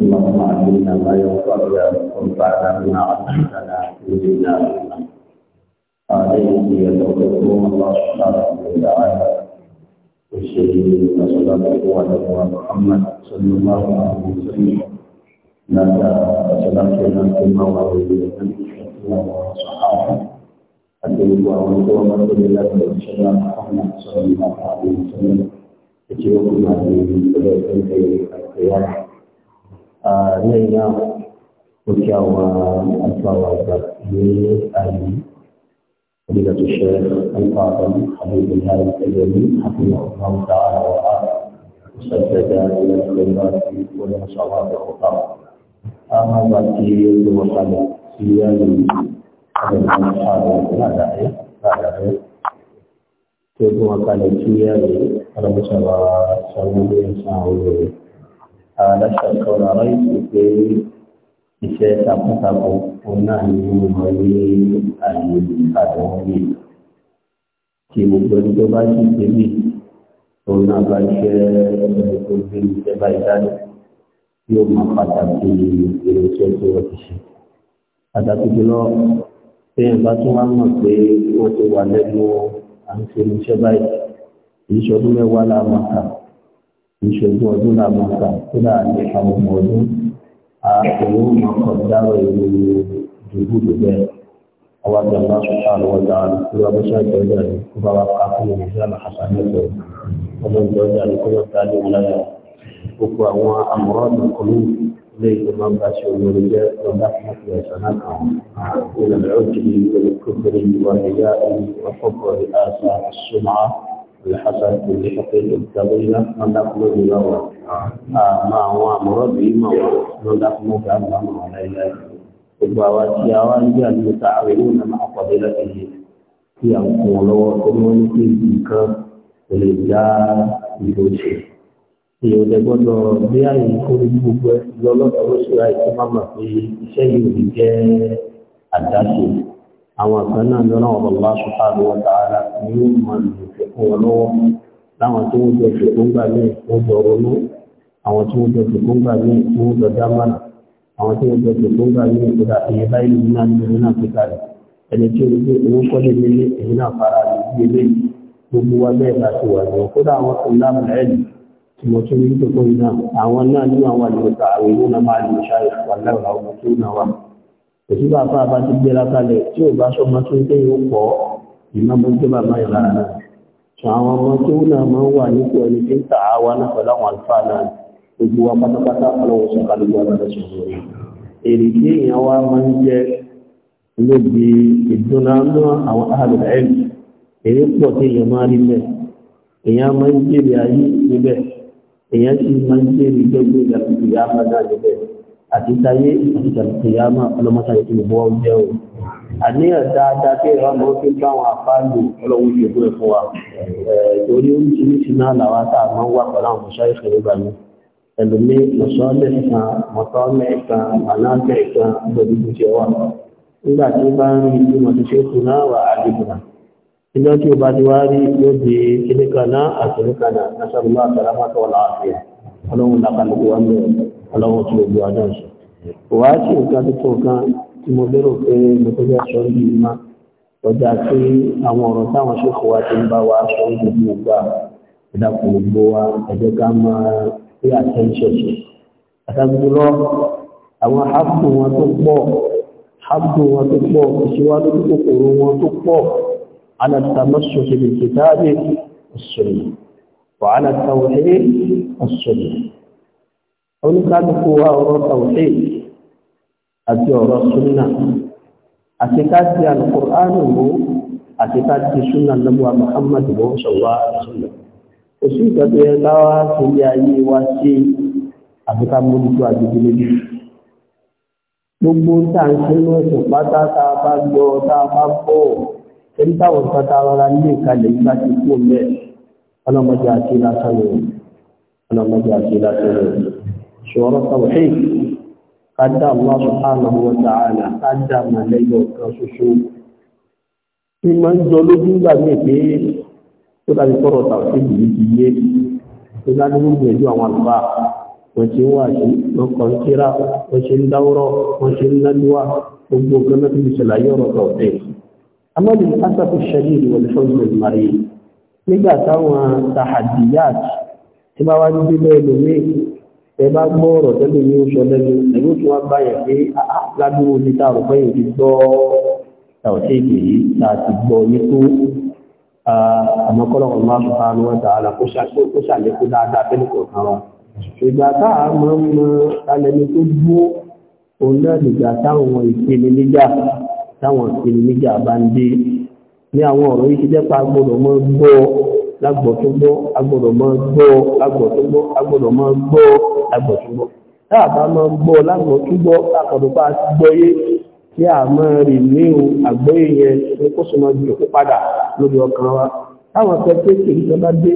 اللهم علمنا ما ينفعنا وانفعنا بما علمتنا وزدنا علما هذه هي توفيقهم الله سبحانه وتعالى والشهيد صلى الله عليه محمد صلى الله عليه وسلم نادى سلامك انت الله وصحابه Adilku awal itu amat berjalan dengan syarat Muhammad sallallahu alaihi wasallam. Kecil kembali berdasarkan kekayaan lẹ́yìn náà ó kí àwọn الشيخ الفاضل حبيب الهادي الكريم حفظه الله تعالى ورعاه وسدد إلى الخيرات والمسارات الخطر أما آه، بكير وصل سيان هذا المصحاب هذا إيه هذا إيه كيف وكان سيان هذا مسارات سوى بإنسان aláṣàkọ rárá ìpè pé iṣẹ́ takuntakun òun náà ní ìmọ̀ ní àyè àdánwò yìí tí gbogbo ẹni tó bá sì débì òun náà bá jẹ́ ẹni tó gbé iṣẹ́ báyìí dání yóò máa pàtàkì irinṣẹ́ tí wọ́n ti ṣe. pàtàkì jùlọ téèyàn bá tún wá mọ̀ pé wọ́n ti wà lẹ́nu à irinṣẹ́ báyìí ìṣọdún mẹ́wàá la máa kà ìṣògùn ọdún náà máa kà tó dáa ní àwọn ọmọ ọdún àpòwò máa kọ̀ dáwọ̀ ìlú dùbùdù bẹ́ẹ̀ ọwọ́ àti ọ̀la sọ̀tà lọ́wọ́ dáa ní kúrò abẹ́sẹ̀ ìjọba rẹ̀ kó bá wa ká fún ìrìnàjò àlàkàtà mẹ́tọ̀ ọmọ ìjọba rẹ̀ kó yọ̀ọ̀ta ní ìwúláyà gbogbo àwọn àmọ̀ràn ìkọlù ilé ìgbìmọ̀ bá ṣe olórí jẹ́ ọ̀dà láti ẹ̀sán náà kan الحسن كل حقيقة الطويلة من دخل بلغة ما هو أمر به ما هو من دخل بأمام علينا وبواتي أوانجا المتعاونون مع قبيلته في أنقول وكمون في ذكر ولجاء بوشي ìròlẹ̀ gbọ́dọ̀ bí àyè ìkórè gbogbo ẹ lọ́lọ́dọ̀ lóṣù àìsí máma pé iṣẹ́ yìí ò ní jẹ́ àdáṣe àwọn kan náà lọ́nà ọ̀rọ̀ Allah subhanahu wa ta'ala ni ó máa lò fẹ́ fún wọn lọ́wọ́ láwọn tí wọ́n jọ jù fún gbà míì wọ́n jọ ronú àwọn tí wọ́n ní náà nínú náà ẹni tí o gbé owó kọ́lé nílé èyí náà fara rẹ̀ bí ilé gbogbo wa bẹ́ẹ̀ bá ti wà ní wọn àwọn tó tí mo tún ní tó kó iná àwọn náà nínú àwọn àlùkò tààrí ìlú náà máa lè ṣàyẹ̀wò aláwọ̀ àwọn tó náà òtún bá apá àbá ti gbéra kalẹ̀ tí ò bá sọmọ tó ń pé yóò pọ̀ ìmọ̀mọ́ tó bá máa yàrá náà sọ àwọn ọmọ tó náà máa ń wà nípò ẹni tí ń tà á wá náà pẹ̀lú àwọn àlùfáà náà gbogbo wa pátápátá ọlọ́wọ́ sọ kálukú alára sọ̀rọ̀ rẹ̀ èrè tí èèyàn wá máa ń jẹ lóbi ìdúnnáná àwọn àlùfáà ẹ̀mí èrè pọ̀ tí èèyàn máa rí bẹ́ẹ̀ èèyàn máa ń jèrè ayé níbẹ̀ èèyàn sì máa ń jèrè gbẹ́gbẹ́ ìyá àti táyé àti tàbíyàmà ọlọ́mọ́ta ìtìlúbọ́ jẹ́ o àníyàn dáadáa tí ẹ̀rọ mọ́ fi báwọn àfáàlù ọlọ́run ṣe fún ẹ̀fún wa torí oríṣiríṣi náà làwọn tá a máa ń wà pẹ̀lú àwọn ọ̀ṣọ́ ìṣẹ̀lẹ̀ ìgbà mi ẹlòmí mọ̀sọ́lẹ̀ kan mọ̀tọ́lẹ̀ kan mọ̀nàlẹ̀ kan gbẹ̀dúgbù ṣe wà nígbà tí ó bá ń rí ibi mọ̀ tó ṣe kù náà wà àdìgbà ilé tí ó bá ti wá rí yóò kíníkaná àti kíníkaná nasarumá àtàlámàtọ̀ ọ̀làáfíà ọlọ́run làkàlùkù wa bẹ̀rẹ̀ ọlọ́wọ́ tí gbogbo ọjọ́ ṣe kò wá sí nǹkan tó tó nǹkan tí mo lérò pé mo tó fẹ́ sọ yìí má ọjà pé àwọn ọ̀rọ̀ táwọn ṣe kò wá ti ń bá wa sọ ní gbogbo ìgbà ìdàpọ̀ gbogbo wa ẹ̀jẹ̀ ká máa pay attention sí àtàgbùlọ àwọn hapun wọn tó pọ̀ hapun wọn tó pọ̀ ìṣíwájú kòkòrò wọn tó pọ̀ alàtàmọ́sọ̀ ṣe lè kìtàbí wà alàtàwọ̀ oníkálukú wa ọ̀rọ̀ tàwùlẹ̀ àti ọ̀rọ̀ súnà àti káàkiri alùkùránù mú àti káàkiri súnà lọ́wọ́ Muhammad bó sọ̀wọ́ àṣìlẹ̀ òsì ìtọ́jú ẹ láwá sí ilé ayé wa sí àfikà mójútó àgbègbè méjì gbogbo tá à ń ṣe ní ẹ̀sùn pátá tá a bá gbọ́ tá a bá bọ̀ ẹni táwọn pátá rárá ní ìkàlẹ̀ yìí bá ti kú mẹ́ ọlọ́mọdé àti lásán ni ọlọ́mọdé àti lásán ni ṣòro tàwùhí kádà Allah subhanahu wa ta'ala kádà màlẹ́yọ̀ kan ṣoṣo tí máa ń jọ lójú gbà pé tó kọ́rọ̀ yìí ti yé tó gbogbo àwọn wọ́n ti ń wà sí ẹ bá gbọ́ ọ̀rọ̀ tẹ́lẹ̀ ní oṣù ọlẹ́nu ẹ̀yìn oṣù wa bá yẹn pé ah, ah, ládùúgbò ní tá a rò pé yìí ti gbọ́ tàwọ̀tí èdè yìí tá a ti gbọ́ ní tó àmọ́kọ́lọ́ ọ̀nà subhanahu wa ta'ala kó ṣàlékún dáadáa fẹ́lẹ̀ kọ̀ọ̀kan wa. ìgbà tá a máa ń mọ alẹ́ni tó dúró òun náà nìgbà táwọn ìpele níjà táwọn ìpele níjà bá ń dé ní àwọn ọ̀rọ̀ yìí ti dẹ́pa gbọ́dọ̀ mọ́ gbọ́ lágbọ̀ tó gbọ́ agbọ́dọ̀ máa gbọ́ lágbọ̀ tó gbọ́ agbọ́dọ̀ máa gbọ́ lágbọ̀ tó gbọ́ táàbá máa gbọ́ lágbọ̀ tó gbọ́ àkọ́dọ̀ bá ti gbọ́yé tí a máa rì ní o àgbọ́yé yẹn ní kó sọ máa jòkó padà lórí ọkàn wa táwọn akẹ́kẹ́ kìí tó bá dé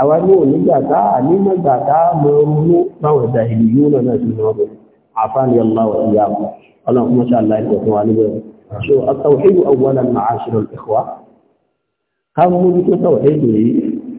àwa ní òní gbàtá àní mọ́ gbàtá máa ronú báwọn ẹ̀dà ìlú yóò náà náà sì máa rọ̀ àfáàní aláwọ̀ ìyá ọlọ́run mọ́ṣá aláìkọ̀ fún wa níbẹ̀ so àtàwọn èèyàn àwọn ọ̀wọ́n náà máa ká mú bí tó tàwọn èèyàn yìí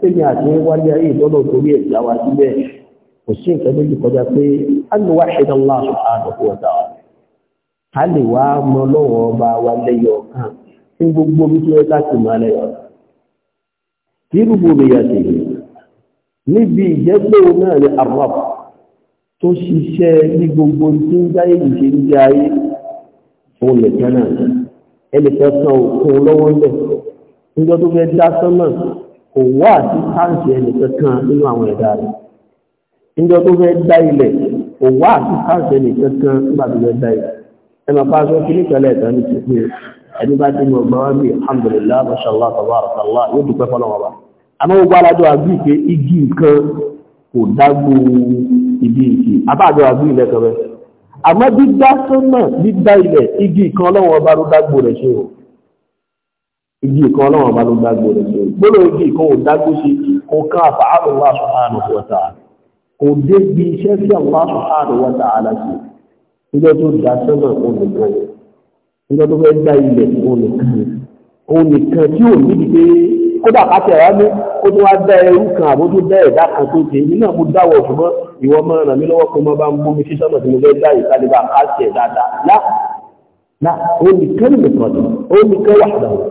tẹ́yìn àti wáyé ayé ìdọ́lọ̀ torí ẹ̀dá wa síbẹ̀ kò sí nǹkan méjì kọjá pé a lè wá ṣe dánwà subhanahu wa ta'ala a lè wá mọ lọ́wọ́ ọba wa lẹ́yọ̀ kan ní gbogbo bí tí ó láti máa lẹ́yọ̀ kí rúgbò mi yàtì níbi ìjẹ́pẹ́ náà ni arab tó ṣiṣẹ́ ní gbogbo tí ń dáyé ìṣe ń jẹ ayé òun ẹnìkan san òkun lọ́wọ́ ń kò wá sí sáǹsì ẹnì kankan nínú àwọn ẹ̀dá rẹ̀ níjọ tó fẹ́ dá ilẹ̀ kò wá sí sáǹsì ẹnì kankan nígbà tó fẹ́ dá ilẹ̀ ẹ máa pàṣẹ kí ní pẹ̀lẹ́ ẹ̀tọ́ ní tìpé ẹni bá ti mọ ọgbà wá bí alhamdulillah mashallah tabarakallah yóò dúpẹ́ fọlọ́wọ́ bá àmọ́ gbogbo alájọ àgbì pé igi nǹkan kò dágbó ibi ìkì abáàjọ àgbì ilẹ̀ kan bẹ́ẹ̀ àmọ́ dídá sọ́nà dídá ilẹ̀ igi nǹkan ọlọ́wọ́ bá ló dágbó rẹ̀ ṣe o igi kan ọlọ́run ọba ló dágbó rẹ̀ ṣe gbọ́dọ̀ igi kan ò dágbó ṣe kò ká àfààrò wà sùhánù wọ́tà kò dé bí iṣẹ́ sí àwọn sùhánù wọ́tà aláṣẹ níjọ́ tó dá sọ́nà olùkọ́ níjọ́ tó fẹ́ dá ilẹ̀ olùkọ́ olùkọ́ tí ò níbi pé kódà pàtẹ wá ní kó tó wá dá ẹrú kan àbó tó dá ẹ̀dá kan tó ṣe nínú àbó dáwọ̀ ṣùgbọ́n ìwọ máa ràn lọ́wọ́ kó máa bá ń bú mi sí sọ́nà mo fẹ́ dá ìsàlẹ̀ bá a ṣẹ̀ dáadáa lá lá olùkọ́ nìkan ni olùkọ́ wà dáwọ̀.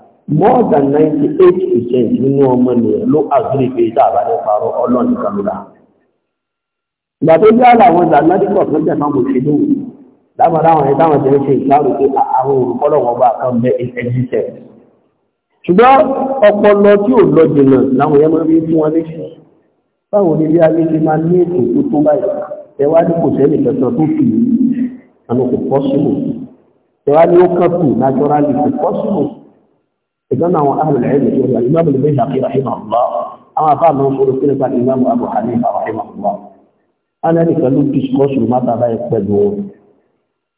more than ninety eight percent nínú ọmọ nìyẹn ló àgbèrè pé tá a bá ní parọ́ ọlọ́ọ̀nì kan ló dá. ìgbà tó jẹ́ àwọn zanadikọ̀ tó jẹ́ fáwọn òṣèlú láwọn àwọn ẹ̀dá àwọn ìṣẹ̀lẹ̀ ṣe ìṣàrò pé àwọn olùkọ́lọ̀ wọn bá kan bẹ ẹ̀ẹ́díṣẹ̀. ṣùgbọ́n ọpọlọ tí ò lọ jìnnà làwọn yẹn máa ń fún wọn léṣe. báwo ni ilé ayé ti máa ní ètò tó tó báyìí ẹ wá ní kò sẹ́ni kankan tó fi àná kò pọ́sibù ẹ wá ní ó kàn tù nájọ́rálì kò pọ́sibù إذن هو أهل العلم يقول الإمام البيهقي رحمه الله أما قال منصور كنت الإمام أبو حنيفة رحمه الله أنا لكلو تسقص ما تبا يقبلون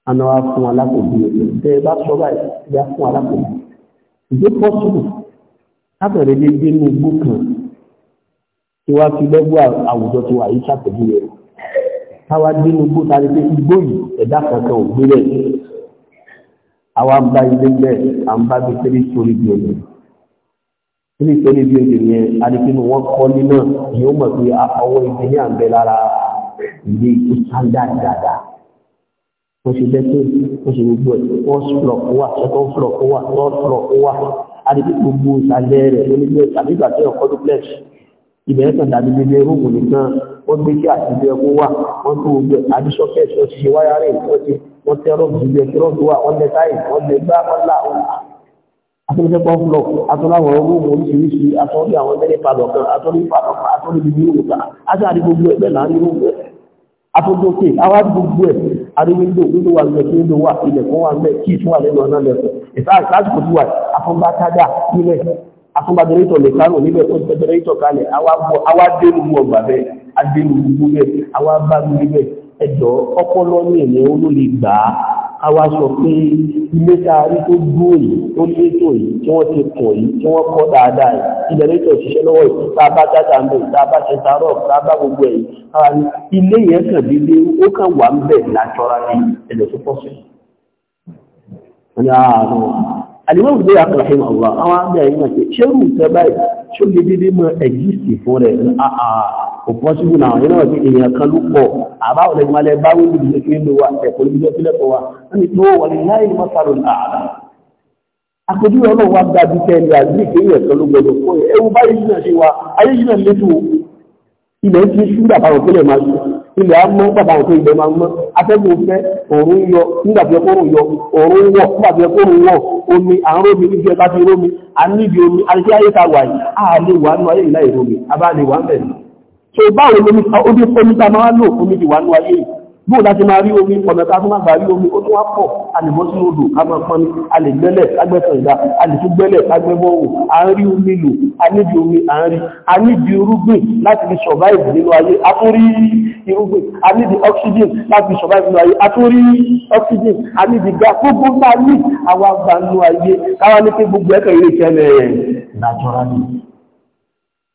أنا أفهم لك بيه تبا سبا يفهم لك بيه ìgbé pọ́sùlù látọ̀rẹ́ dédé ní igbó kan tí wá fi lẹ́gbọ́ àwùjọ tó wà yìí ṣàpèjúwe rẹ̀ káwá dé ní igbó tàbí pé igbó àwa ń bá ilé ń bẹ̀ à ń bá bí tẹ́lẹ̀ sórí bí omi tẹ́lẹ̀ sórí bí omi yẹn adìpínu wọn kọ́ ní náà yóò mọ̀ pé ah, ọwọ́ ibi ní à ń bẹ lára ilé ikú sáńdà dáadáa wọ́n ṣe bẹ́tẹ̀ wọ́n ṣe gbogbo ẹ̀ first floor kó wà second floor kó wà third floor kó wà adìpín gbogbo ìsàlẹ̀ rẹ̀ onígbẹ́ tàbí ìgbà tí ọkọ̀ duplex ìbẹ̀rẹ̀ kan dàbí gbogbo rúùmù nìkan wọ́n gbé kí àtijọ́ ẹ̀kọ́ wà wọ́n tó gbogbo àdìsọ́kẹ́ ṣọ́ọ̀ṣì wáyà rẹ̀ ìtọ́jú wọ́n tẹ ọlọ́pù sí ilé ọlọ́pù wà wọ́n lẹ táyì wọ́n lẹ gbá wọ́n là wọ́n là atọ́lẹ́fẹ́ pọ́ńfúlọ̀ atọ́láwọ̀ ọlọ́wọ́ oríṣiríṣi atọ́lẹ́ àwọn ẹgbẹ́ padà kan atọ́lẹ́ padà kan atọ́lẹ́ bíbí ìwò kan àti àdí gbogbo ẹgbẹ́ là ń gbogbo ẹ̀ atọ́dókè àwọn àdí gbogbo ẹ̀ àdí wíńdò wà lẹ̀ kí wíńdò wà ilẹ̀ kan wà lẹ̀ kí ìtún wà lẹ́nu ọ̀nà lẹ̀kọ̀ ìfáàkì wà afọ́nbátágà ẹ̀jọ́ ọpọlọ ní èlé olóòlì gbà á a wá sọ pé ilé taari tó dúró yìí tó létò yìí tí wọ́n ti kùn yìí tí wọ́n kọ́ dáadáa yìí jẹnẹrétọ̀ ṣiṣẹ́ lọ́wọ́ yìí tá a bá dáadáa a bá tá a bá gbogbo ẹ̀yìn ara ní ilé yẹn kàn dédé ó kàn wà ń bẹ̀ látọ́ra ní ẹ̀dọ̀ tó pọ̀ sí. àdìmọ́ òde àkànṣe màwá àwọn àgbẹ̀ yìí náà ṣe ṣé rú ìtẹ́ báyìí ṣó lè dédé mọ kò pọ́síbù náà yẹn náà sí èèyàn kan ló pọ̀ àbáwọ̀ lẹ́yìn alẹ́ bá wí níbi ìṣẹ́kiri ló wà ẹ̀kọ́ níbi ìṣẹ́ sílẹ̀kọ̀ wa wọ́n ni tó wọlé láì ní mọ́sálò ààrà àpèjúwe ọlọ́run wa gba bí tẹ́lẹ̀ àbí ìkéyìn ẹ̀kan ló gbọdọ̀ kó ẹ̀ ẹ̀wù báyìí jìnà sí wa ayé jìnà létò ilẹ̀ ti ṣú dàbàrò pé lẹ̀ máa ṣú ilẹ̀ á mọ́ bàbá òkè ilẹ̀ máa mọ́ atẹ́gùn fẹ́ ṣe báwo ló nípa omi omi tá máa lò omi ìwà ní ayé bóò láti máa rí omi ọ̀nà tá máa gbà rí omi ó tún wá pọ̀ alìmọ́sí odò ká máa pọnmi alìgbẹ́lẹ̀ agbẹ́sàn ìdá alìtúgbẹ́lẹ̀ agbẹ́bọ́wò à ń rí omi lò a níbi omi à ń rí a níbi irúgbìn láti fi survive nínú ayé a tún rí irúgbìn a níbi oxygen láti fi survive nínú ayé a tún rí oxygen a níbi ga gbogbo bá ní àwọn àgbà nínú ayé káwá ní pé gbogbo ẹ̀kẹ́ ilé ìkẹ́lẹ̀ naturally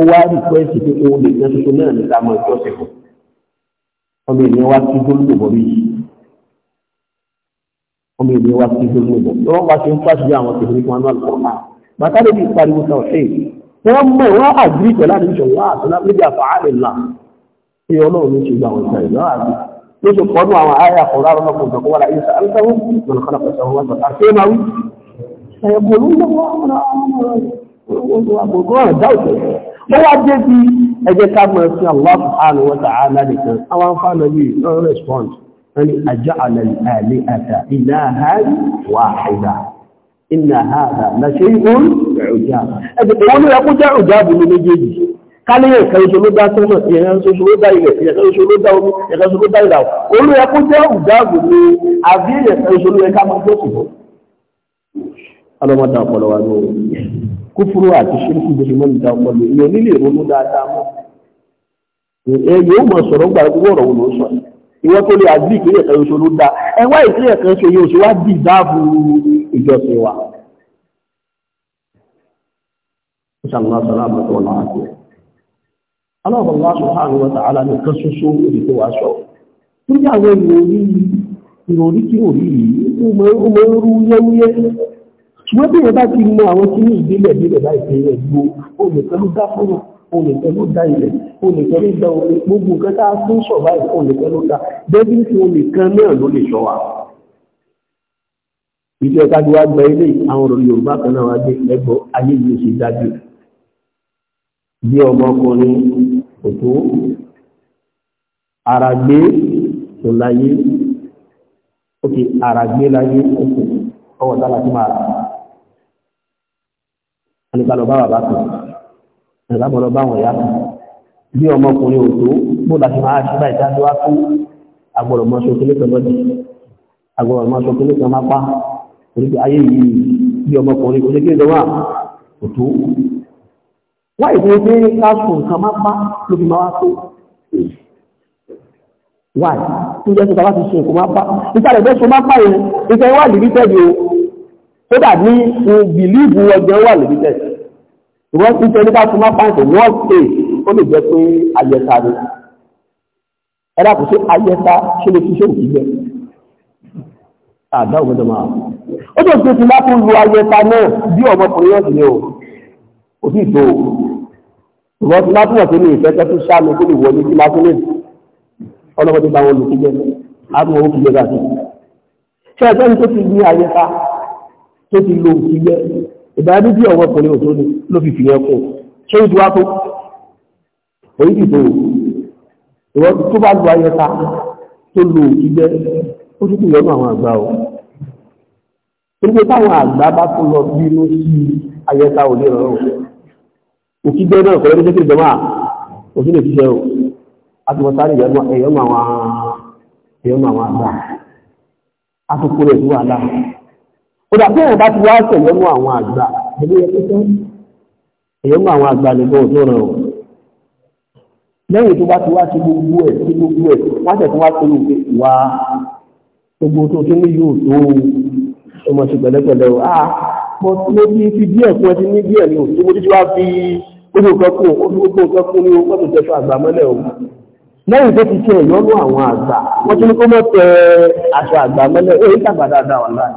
ó wá rí pẹ́ẹ́sì pé òun lè jẹ́ tuntun náà níta mọ ìjọsìn fún ọmọ ènìyàn wá sí gbólógbò bọ́ bí yìí ọmọ ènìyàn wá sí gbólógbò bọ́ lọ́wọ́ bá ṣe ń pàṣẹ àwọn tòun fún anáàlú kan náà bàtà lè fi pariwo sọ ṣe wọ́n mọ̀ wọ́n àgbírí pẹ̀lú àdéhùn wọ́n àtúná níbi àfààlè là ṣé ọlọ́run ló ṣe gba àwọn ìṣẹ̀lẹ̀ náà àbí ló ṣe pọ̀nù àwọn àyà kọ̀ọ̀rọ̀ àwọn ọmọkùnrin kan kó wà láyé sọ alẹ́sàwọ́ lọ́nà wọn àti ẹ̀ máa wí. ẹ̀yẹ̀kọ̀ ló ń lọ́wọ́ àwọn ọmọ ọmọ tó wá dé bí ẹjẹ́ ká mọ̀ sí Allah subhanahu wa ta'ala nìkan àwọn fánàbí non response wọ́n ni aja'ala al-alihata ilahan wahida inna hadha la shay'un ujab ẹjẹ́ tó wọ́n ní ẹkú kúfúrú àti ṣíríkù bó ṣe mọ́ níta ọpọlọ ìyẹn nílé ìrònú dáadáa mọ́ ẹ yóò sọ̀rọ̀ gbogbo ọ̀rọ̀ ló sọ ìwọ tó lè àdí ìpínlẹ̀ kan oṣù ló dá ẹ wá ìpínlẹ̀ kan ṣe yóò ṣe wá dì dáàbò ìjọsìn wa. nìkan ṣoṣo èdè tó wá sọ. ṣùgbọ́n bí wọ́n bá ti mọ àwọn tí ní ìbílẹ̀ ìbílẹ̀ báyìí pé ẹ̀ gbó olùkọ́ ló dá fún wọn olùkọ́ ló dá ilẹ̀ olùkọ́ ló dá omi gbogbo nǹkan tá a tún sọ báyìí olùkọ́ ló dá débi tí olùkan náà ló lè sọ wa. ìṣe ẹ̀ka ti wá gba ilé àwọn ọ̀rọ̀ Yorùbá kan náà wá dé ẹgbọ́ ayé yìí ṣe dájú. bí ọmọkùnrin òtó àràgbé tó láyé òkè àràgbé láyé òkè ọwọ́ tá a láti máa rà àníkàlọ̀ bá bàbá kan àníkàlọ̀ bá wọn ìyá kan bí ọmọkùnrin òtó bó la fi máa ṣe báyìí dájú wá fún agbọ̀rọ̀ mọ́ aṣọ kílé kan lọ́dì agbọ̀rọ̀ mọ́ aṣọ kílé kan máa pa oríṣi ayé yìí bí ọmọkùnrin oníkè ìjọba òtó wáyé tó ṣe káṣù nǹkan máa pa ló fi máa wá tó wáyé tó jẹ́ sọ tàbá ṣe nǹkan máa ìtàlẹ̀ bẹ́ẹ̀ sọ máa yẹn ìtàlẹ̀ wà tó dàbí bìlíìbù ọjọ́ wà lórí tẹ̀ ìwọ́n ti tẹ́ nípa túnmá pàǹtẹ̀ wọ́n pè ó lè jẹ́ pé ayẹta ni ẹ̀dá kò sí ayẹta ṣe lè fi ṣe òkú jẹ́ àdá ògbọ́dọ̀ máa ó tó ṣe ti bá tún lu ayẹta náà bí ọmọkùnrin náà sì ni o kò sí ìtò ìwọ́n ti látúnwọ̀ tó ní ìfẹ́ tẹ́tú sáàmù tó lè wọ ní kíláàsì ní ọlọ́mọdé bá wọn lò kíjẹ́ á tún wọn ó kíjẹ́ gàdí ṣé ẹgbẹ́ ní tó ti ní ayẹta tó ti lo òfìyẹ ìdájú bí ọwọ́ ọkùnrin òtó ni ló fi fìyẹ kù ṣé ìdí wá tó èyí ti tó ìwọ tó bá lu ayẹta tó lo òfìyẹ ó tún kìlọ̀ nù àwọn àgbà o nígbà táwọn àgbà bá tún lọ bí inú sí ayẹta ò lè rọrùn òkìgbẹ náà kọlẹ ní kékeré jọmọ òfin lè fiṣẹ o àtúmọ̀sáré ẹ̀yọ́mọ̀ àwọn àgbà àtúkúrẹ̀ ìlú àdáhùn kódà bí ẹ̀rọ bá ti wá ṣe ìyọnu àwọn àgbà ẹ̀lú ẹ̀kọ́ tó ìyọnu àwọn àgbà lè gbọ́ tó rẹ̀ o lẹ́yìn tó bá ti wá sí gbogbo ẹ̀ sí gbogbo ẹ̀ wọ́n ṣẹ̀ tó wá sí ìwé ìwà gbogbo tó tún ní yóò tó ọmọ ṣe pẹ̀lẹ́pẹ̀lẹ́ o ah mo mo ti fi díẹ̀ fún ẹ ti ní díẹ̀ ni o tí mo ti wá fi gbogbo nǹkan kún o fi gbogbo nǹkan kún ní o wọ́n ti tẹ̀sán àgbà mọ́lẹ̀ o lẹ́yìn tó ti ṣe ìyọnu àwọn àgbà wọ́n ti ní kó mọ̀ tẹ aṣọ àgbà mọ́lẹ̀ ó yẹ kí àgbà dáadáa wà láàyè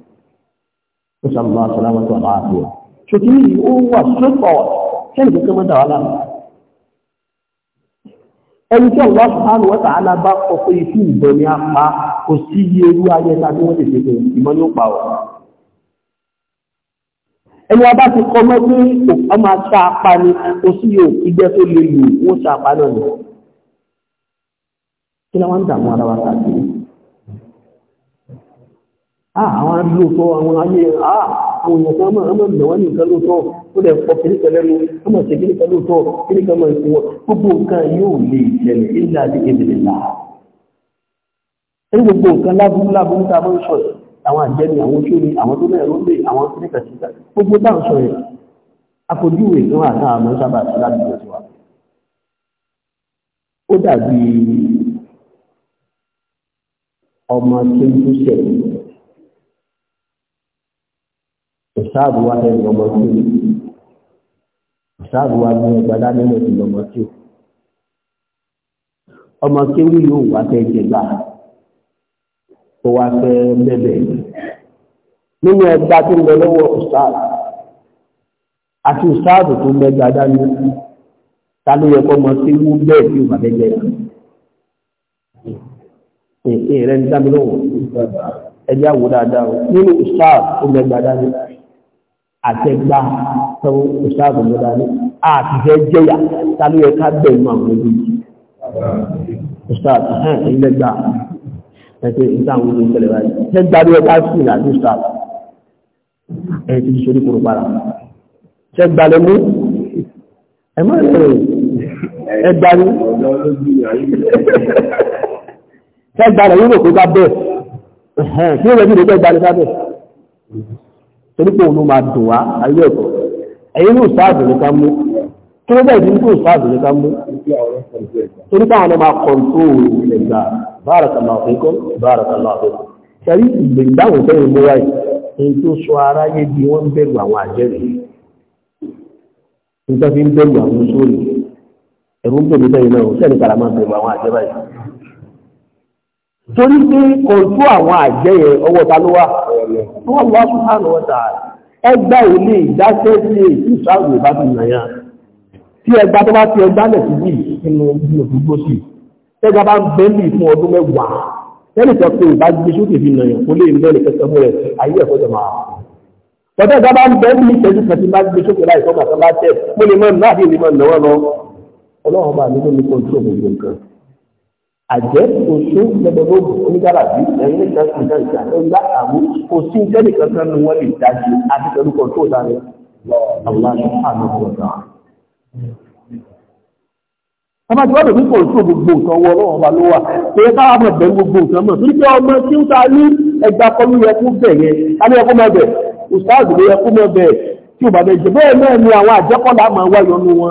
نسأل الله السلامة والعافية شكري هو السلطة كيف كما تعالى ẹni tí Allah subhanahu wa ta'ala bá kọ̀kọ́ ikú ìbọn ni a pa kò sí iye irú ayẹta tí wọ́n lè ṣe fún ìmọ̀ ní ó pa ọ̀. ẹni a ti kọ mọ́ pé a máa apá ni kò sí iye ìgbẹ́ tó lè lò wọ́n ṣá náà ni. Ah, àwọn alóòtọ́ àwọn ayé ah, àwọn èèyàn kan máa mọ̀ ìdẹ̀wọ́n ní nǹkan lóòtọ́ ó lẹ̀ pọ̀ kìríkà lẹ́nu ó mọ̀ sí kìríkà lóòtọ́ kìríkà mọ̀ sí wọn gbogbo nǹkan yóò lè ṣẹlẹ̀ ilé àti ìbìlẹ̀ náà ní gbogbo nǹkan lábúrú lábúrú tá a máa ń sọ àwọn àjẹmí àwọn oṣooṣi àwọn tó náà lóde àwọn kìríkà síta gbogbo sábà sí ládùúgbò tiwa ó dàbí ọmọ tó ń tó ṣẹlẹ̀ sáàbù wa fẹ́ẹ́ lọ́mọ tí o sáàbù wa ní ẹgbàdá nínú ti lọ́mọ tí o ọmọ kéwì yóò wá fẹ́ẹ́ jẹ gbà ó wá fẹ́ẹ́ bẹ̀bẹ̀ nínú ẹgbà tó ń bẹ lọ́wọ́ sáàbù àti sáàbù tó ń bẹ gbàdá ní ta ló yẹ kọ́ ọmọ tí o bá fẹ́ẹ́ jẹ gbà èyí rẹ̀ ń dábìlọ́wọ́ ẹjẹ́ àwò dáadáa nínú ìsáà ó mẹ́gbàá dáadáa àtẹgbà tó ìṣàbò lọ́dá ní àtìfẹ́ jẹ́yà tàbí ẹ̀ká bẹ̀rù àwọn ojú ìṣàbò hàn ilẹ́gbà ẹ̀tẹ́ ìtàwọn ojú ìṣẹ̀lẹ̀ wáyé tẹ́gbà ní ẹ̀ká sí ìlàjú ìṣàbò ẹ̀ ti ṣorí kúrò para tẹ́gbà lẹ mú ẹ má rẹ̀ ẹgbà ní tẹ́gbà lẹ yóò kó bá bẹ́ẹ̀ kí torí pé òun máa dùn wá ayé ẹ̀kọ́ ẹ̀yìn ní ìsáàdù ní ká mú kí ló bẹ̀rẹ̀ ní ìsáàdù ní ká mú torí pé àwọn ọmọ akọ̀ǹtò ìgbà bárakàlá ọ̀fẹ́kọ́ bárakàlá ọ̀fẹ́kọ́ sẹ́rí ìgbèǹdáhùn fẹ́yìn mú wáyé ní tó sọ aráyé bí wọ́n ń bẹ̀rù àwọn àjẹ́rì nígbà fi ń bẹ̀rù àwọn sórí ẹ̀rù ń bẹ̀rù bẹ́yìn náà sẹ́ni kàrà máa bẹ̀rù àwọn àjẹ́rì torí pé kọ̀ọ̀tún àwọn àjẹyẹ ọwọ́ ta ló wà wọ́n wá subhanahu wa ta'ala ẹgbà ilé ìdáṣẹ́ sí èyí sáàrùn ìbá ti yàn yàn tí ẹgbà tó bá ti ẹgbà lẹ̀ sí yìí nínú ìlú gbogbo sí ẹgbà bá bẹ́ẹ̀lì fún ọdún mẹ́wàá lẹ́nu tó pé ìbá gbé sókè fi nà yàn kó lè mẹ́rin kẹsẹ̀ mú rẹ̀ ayé ẹ̀kọ́ jẹ̀ máa ọ̀dọ́ ìgbà bá ń bẹ́ẹ̀lì ìtẹ́jú kan tí bá gbé sókè láì sọ́kà tó bá tẹ̀ mo lè mọ́ náà àjẹ́ oṣù lọ́gbọ̀gbọ̀ onígbàrà bí ẹ̀yìn lè dá sí ìdájọ́ àtọ́gbà àwọn oṣù tẹ́lẹ̀ kankan ní wọ́n lè dájú àti pẹ̀lú kọ̀ọ̀tọ́ dáre aláṣọ àlọ́gbọ̀dá. ọba tí wọ́n lè pípọ̀ oṣù gbogbo nǹkan wọ ọlọ́wọ́ ọba ló wà pé káwá mọ̀ bẹ̀rù gbogbo nǹkan mọ̀ torí pé ọmọ tí ó ta ní ẹgbà kọlu yẹ kó bẹ̀ yẹn alẹ́ yẹ kó mọ̀ bẹ̀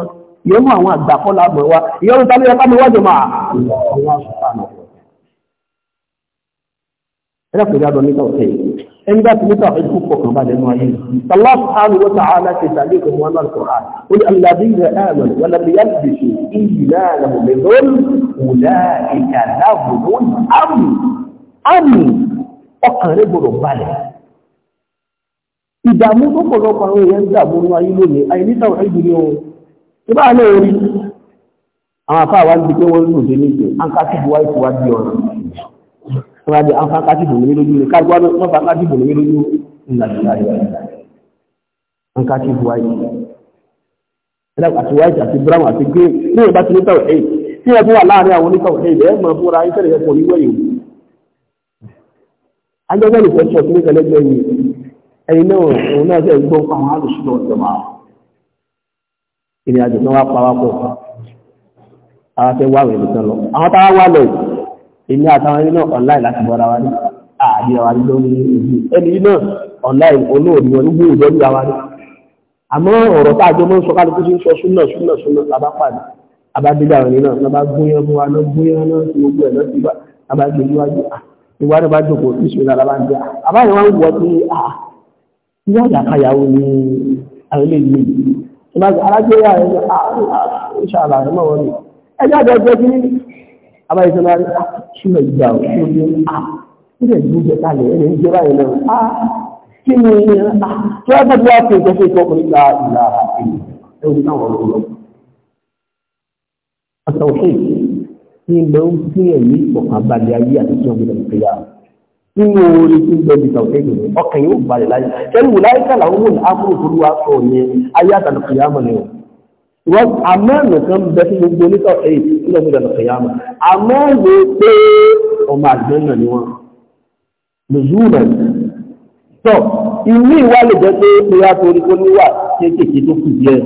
òṣù ìyẹn mú àwọn àgbàkọ́ lágbọ̀ wa ìyẹn mú tàbí ẹ̀ká mi wájọ máa ẹlẹ́pẹ̀lẹ́ àdọ̀ nígbà ọ̀tẹ́ ẹni bá ti nígbà ọ̀fẹ́ púpọ̀ kan bá lẹ́nu ayé Allah subhanahu wa ta'ala ti sàlẹ̀ ìkọ̀ mọ́ náà kọ̀ án ó ní alladhina amanu wa lam ìbá náà rí àwọn afá wa ń di pé wọ́n lù dé níbi ankátìbù wáyé ti wá di ọ̀rọ̀ wọ́n á di ankátìbù ní lójú ní káàkiri wọ́n fa ankátìbù ní lójú ńlá ankátìbù wáyé àti wáyé àti brown àti green ní ìbá ti ní tàwọn èyí tí wọ́n tún wà láàárín àwọn onítàwọn èyí bẹ́ẹ̀ mọ̀ fúnra iṣẹ́ rẹ̀ pọ̀ níwọ̀ yìí ajọ́gbẹ́ni fẹ́ sọ sí ní kẹlẹ́gbẹ́ yìí ẹ̀yin náà òun náà fẹ́ gbọ́ àwọn alùsùn náà jọba ìrìn àjò tó wá pàwápọ̀ àwọn tẹ́ wà wẹ̀lú tán lọ àwọn tàwà wà lọ èmi àtàwọn ẹni náà online láti bọ́ra wa ní ààrí àwa ní lórí ìlú ẹni náà online olóòrí wọn nígbò ìjọ́rí àwa ní àmọ́ ọ̀rọ̀ tá àjọ mọ́ sọ kálukú sí ń sọ súnà súnà súnà bàbá pàdé abábílẹ̀ àwọn ẹni náà náà bá gúnyán fún wa náà gúnyán náà sí gbogbo ẹ̀ náà sí bá abágbé níwájú ìwà náà bá jòkó ìṣúná lábá ń jẹ àbáyé wọn wọ pé ìwà ìyàkáyàwó ni àwọn eléyìí ìmáàzì alágbéyà ẹ̀ ìṣàlà ẹ̀ mọ̀ wọ́n ẹjọ́ àjọ ẹgbẹ́ kí ní abáyẹsẹ̀ máa rí ṣílẹ̀ ìgbà òṣèlú à nílẹ̀ ìgbújẹ kalẹ̀ ẹni ń jẹba ìlẹ̀ à kí ni tí wọ́n tẹ́tí láti ẹgbẹ́ fún ìtọ́kùn nígbà ìlà ẹ̀wọ̀n táwọn ọ̀rọ̀ lọ. àtàwọn ṣe ní ilẹ̀ ń fún ẹ̀mí ìfọ̀kànbalẹ̀ ayé àti tí wọ́n gbé nínú orí tí ń gbẹ̀bí kan kéèkì ní ọkàn yóò balẹ̀ láyé ṣẹ́lú láìka làwọn òun áfúrò tó lúwa sọ yẹn ayé àtàlù kìyàmọ̀ ni wọ́n àmọ́ọ̀nà kan bẹ sí gbogbo onítọ̀ èyí nínú ọdún ìdàlù kìyàmọ̀ àmọ́ọ̀nà pé ọmọ àgbẹ̀ náà ni wọ́n lùzúùnà tọ́ inú ìwà lè jẹ́ pé ìyá torí kó níwà kéékèèké tó kù díẹ̀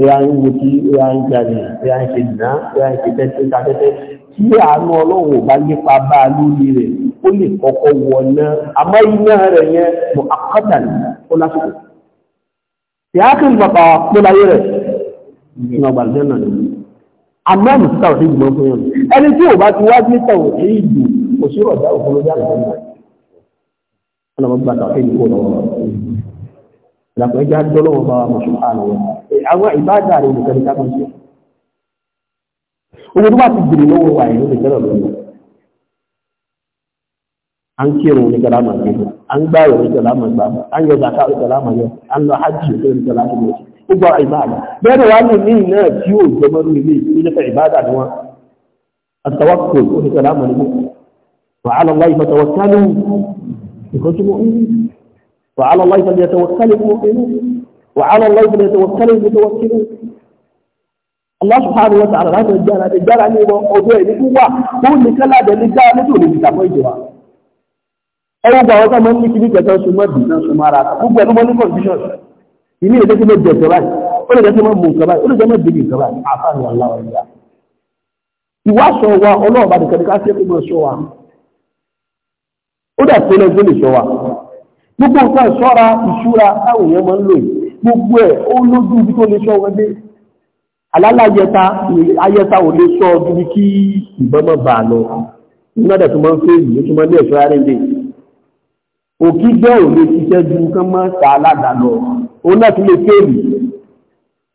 ìyá ń wo kí ìyá ń jalè ìyá ń ṣe dìná ìyá ń ṣe tẹ́tẹ́ tí àánú ọlọ́run bá yípa bá lórí rẹ̀ ó lè kọ́kọ́ wọ̀nà àmọ́ iná rẹ̀ yẹn mọ̀ àkọ́tàlì ó lásìkò ìyáàkì bàbá pọ́láyé rẹ̀ ní ọgbà jẹ́nà ni àmọ́ ìsìta òfin jùlọ fún yẹn ẹni tí ò bá ti wá sí tẹ̀wọ̀ èyí jù kò sí ọ̀dá òfin lójú àgbà náà ọlọ́mọ gbà tàfé ní kò lọ́wọ́ ìdàpọ̀ ẹja dọ́lọ́wọ́ bá wa mọ̀ṣù àlọ́wọ́ àwọn ìbáàdà rẹ̀ nìkan an kírun ní kẹlá màá kírun an gbáwò ní kẹlá màá gbáwò an yọ zaka ní kẹlá màá yọ an lọ hajj ní kẹlá màá yọ gbogbo ìbáàdà bẹ́ẹ̀ wá ní ní náà tí ó jọmọ́ ní ilé ìpínlẹ̀ fẹ́ ìbáàdà ni wọ́n àtàwọ́kọ̀ ní kẹlá màá yọ wà á lọ́wọ́ ìfọ̀tọ̀wọ̀ kálí ìkọ́sùmọ̀ wà á lọ́wọ́ ìfọ̀tọ̀wọ̀ kálí wà á lọ́wọ́ ìfọ̀tọ̀wọ̀ kálí Allah subhanahu wa ta'ala láti ìjára ní ọjọ́ ìlú wà tó nìkan ládẹ̀ ní gbára nítorí ìtàkọ́ ìjọba ẹwọ́ gba àwọn ọmọ ní kíní kẹta oṣù mọ́ bìí oṣù mara gbogbo ẹ̀mọ́ ní condition ìní ìdẹ́ tí mo jẹ ìjọba ó lè jẹ́ tí mo mú nǹkan báyìí ó lè jẹ́ mọ́ bìí nǹkan báyìí àfáàní aláwọ̀ ìyá ìwà sọ wa ọlọ́run bá nìkan ká sí ẹkùn mọ́ sọ wa ó dà tó lẹ́gbẹ́ lè sọ wa gbogbo nǹkan ìṣọ́ra ìṣúra òkí bẹ́ẹ̀ ò lè ṣiṣẹ́ ju kán mọ́ ta aládà lọ òun náà ti lè fèèrè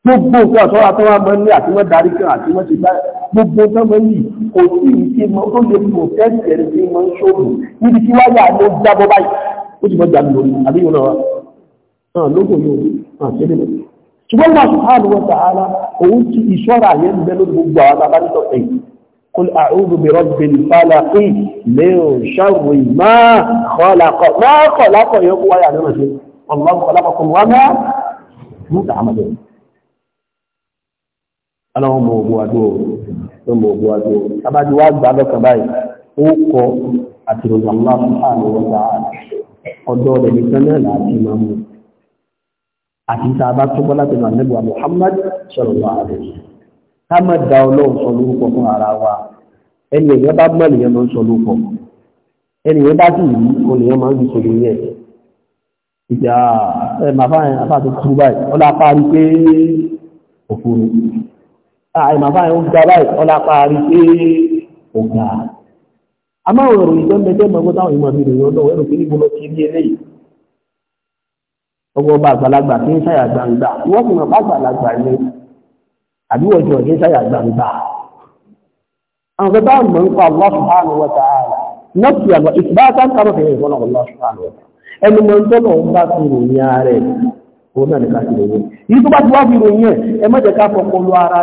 gbogbo nǹkan ọ̀ṣọ́ra tó wá mọ́ ní àti wọ́n darí kan àti wọ́n ti bá gbogbo tó mọ́ ní kò sí ìṣe mọ́ tó lè mọ̀ fẹ́ẹ̀sì ẹ̀rí tí wọ́n ń ṣòro níbi tí wáyà ló jábọ́ báyìí ó sì mọ́ jàmù lórí àbí yóò náà hàn lóko yóò hàn sí nínú ṣùgbọ́n wàṣùpáàlù wọn tààlà òun ti ìṣọ́ra yẹn ń bẹ lórí gbogbo àwọn قل أعوذ برب الفلق من شر ما خلق ما خلق يقوى يعني ما والله خلقكم وما تعملون ọlọ́run mọ̀ ogun adó tó mọ̀ ogun adó abájú wá gbà lọ́kàn báyìí ó kọ àti ìròyìn àwọn aláàfáàní ọjà ọdọ́ rẹ̀ nìkan náà láti máa mú àti tá a bá tó bọ́ láti máa nẹ́bùwà Muhammad sọ̀rọ̀ wà rẹ̀ ká má da ọlọ́run sọ lórúkọ fún ara wa ẹni èèyàn bá gbọ́n nìyẹn ló ń sọ lórúkọ ẹni èèyàn bá sì yí olèyàn máa ń fi sọ̀rọ̀ yẹn ìjà ẹ màfá yẹn àfà tó kú báyìí ọlá parí pé òfurufú àì màfá yẹn ó ga báyìí ọlá parí pé ògà àmọ́ àwọn ìròyìn tó ń bẹ tẹ́ gbọ́dọ̀ àwọn ìmọ̀ mi ròyìn ọlọ́wọ́ ẹ̀rọ kìíní àbíwọ̀ ìjọ ní sáyà gbangba àwọn kẹta mọ̀ nípa Allah subhanahu wa ta'ala nọ́ọ̀sì àgbà ìgbà sáńtàrọ̀ fẹ̀yẹ̀ ìfọ́nà Allah subhanahu wa ta'ala ẹni mọ̀ tọ́lọ̀ ń bá fi ròyìn ààrẹ òun náà ní ká fi ròyìn yìí tó bá ti wá fi ròyìn ẹ̀ ẹ má jẹ́ ká fọpọlọ ara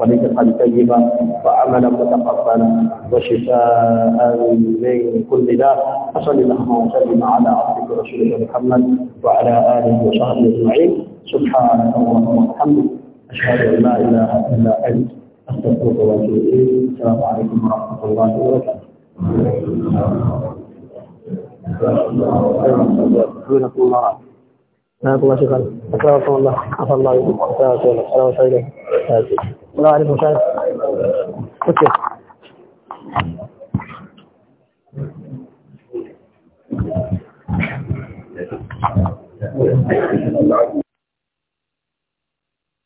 ورزقا طيبا وعملا متقبلا وشفاء من كل داء وصل اللهم وسلم على عبدك ورسولك محمد وعلى اله وصحبه اجمعين سبحانك اللهم وبحمدك اشهد ان لا اله الا انت استغفرك واتوب اليك السلام عليكم ورحمه الله وبركاته ورحمة الله جزاك الله شكرا اكرمكم الله عفى الله يكرمك السلام عليكم السلام عليكم شايف اوكي Thank you.